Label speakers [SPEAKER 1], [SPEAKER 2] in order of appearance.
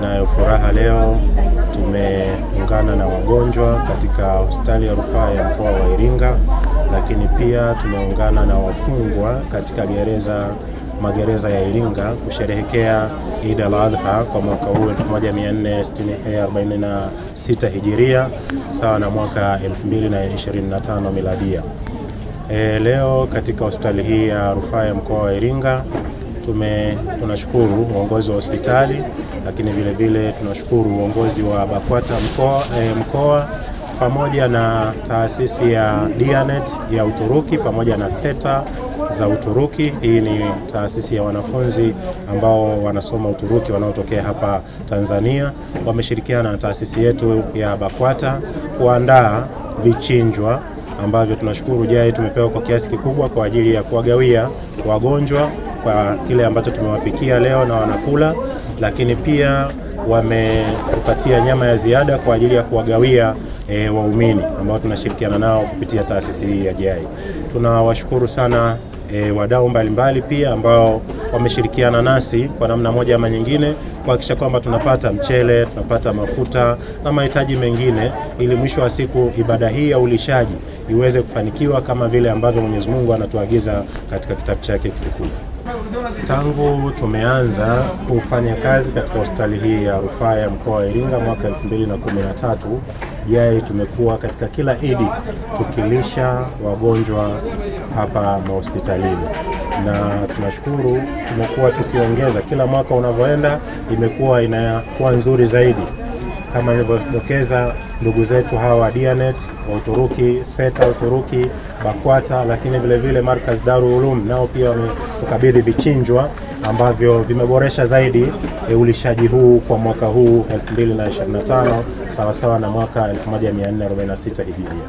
[SPEAKER 1] Ninayo furaha leo tumeungana na wagonjwa katika hospitali ya rufaa ya mkoa wa Iringa, lakini pia tumeungana na wafungwa katika gereza magereza ya Iringa kusherehekea Eid al-Adha kwa mwaka huu 1446 eh, Hijiria sawa na mwaka 2025 Miladia. E, leo katika hospitali hii ya rufaa ya mkoa wa Iringa tume, tunashukuru uongozi wa hospitali lakini vile vile tunashukuru uongozi wa BAKWATA mkoa, eh, mkoa pamoja na taasisi ya Dianet ya Uturuki pamoja na SETA za Uturuki. Hii ni taasisi ya wanafunzi ambao wanasoma Uturuki wanaotokea hapa Tanzania. Wameshirikiana na taasisi yetu ya BAKWATA kuandaa vichinjwa ambavyo tunashukuru JAI tumepewa kwa kiasi kikubwa kwa ajili ya kuwagawia wagonjwa kwa kile ambacho tumewapikia leo na wanakula, lakini pia wamepatia nyama ya ziada kwa ajili ya kuwagawia e, waumini ambao tunashirikiana nao kupitia taasisi hii ya JAI. Tunawashukuru sana e, wadau mbalimbali pia ambao wameshirikiana nasi kwa namna moja ama nyingine kuhakikisha kwamba tunapata mchele, tunapata mafuta na mahitaji mengine, ili mwisho wa siku ibada hii ya ulishaji iweze kufanikiwa kama vile ambavyo Mwenyezi Mungu anatuagiza katika kitabu chake kitukufu.
[SPEAKER 2] Tangu tumeanza kufanya kazi katika hospitali hii ya rufaa ya mkoa wa Iringa mwaka 2013 yai tumekuwa katika kila Idi tukilisha wagonjwa hapa mahospitalini, na tunashukuru tumekuwa tukiongeza kila mwaka unavyoenda, imekuwa inakuwa nzuri zaidi kama ilivyodokeza ndugu zetu hawa wa Dianet wa Uturuki, SETA Uturuki, BAKWATA, lakini vilevile Markaz daru Ulum nao pia wametukabidhi vichinjwa ambavyo vimeboresha zaidi e, ulishaji huu kwa mwaka huu 2025 sawasawa na mwaka 1446 hijiria.